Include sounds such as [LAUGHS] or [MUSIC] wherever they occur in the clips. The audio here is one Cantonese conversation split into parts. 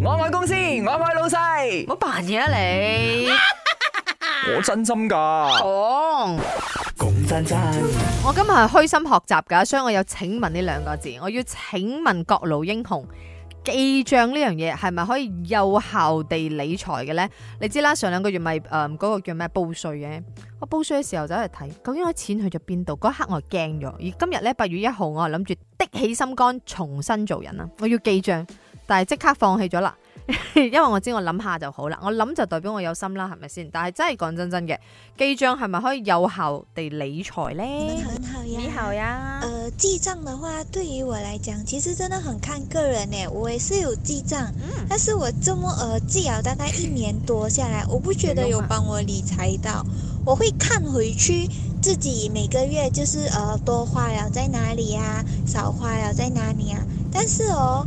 我愛公司，我愛老細。冇扮嘢啦。你！ [LAUGHS] 我真心噶。講講真真。我今日係虛心學習噶，所以我有請問呢兩個字。我要請問各路英雄，記賬呢樣嘢係咪可以有效地理財嘅咧？你知啦，上兩個月咪誒嗰個叫咩報稅嘅？我報稅嘅時候走去睇，究竟我錢去咗邊度？嗰刻我係驚咗。而今日咧八月一號，我係諗住的起心肝，重新做人啊。我要記賬。但係即刻放棄咗啦，因為我知我諗下就好啦。我諗就代表我有心啦，係咪先？但係真係講真真嘅記賬係咪可以有效地理財呢？你很好呀，你好呀。呃記賬的話對於我來講其實真的很看個人咧。我也是有記賬，嗯、但是我這麼呃記啊，大概一年多下來， [LAUGHS] 我不覺得有幫我理財到。啊、我會看回去自己每個月就是呃多花了在哪裡啊，少花了在哪裡啊，但是哦。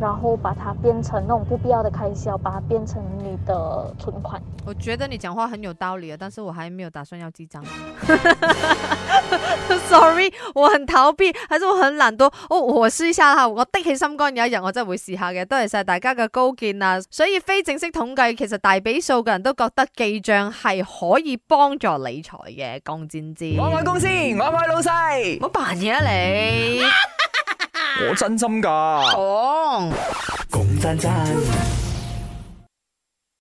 然後把它變成那種不必要的開銷，把它變成你的存款。我覺得你講話很有道理啊，但是我還沒有打算要記賬。 [LAUGHS] [LAUGHS] Sorry，我很逃避，還是我很懶惰，哦？我我，一我試一下我的起心肝，有一日我真係會試下嘅。多謝晒大家嘅高見啊！所以非正式統計，其實大比數嘅人都覺得記賬係可以幫助理財嘅。江展之，我愛公司，我愛老細，我扮嘢啊你。啊我真心㗎，哦，講講真真。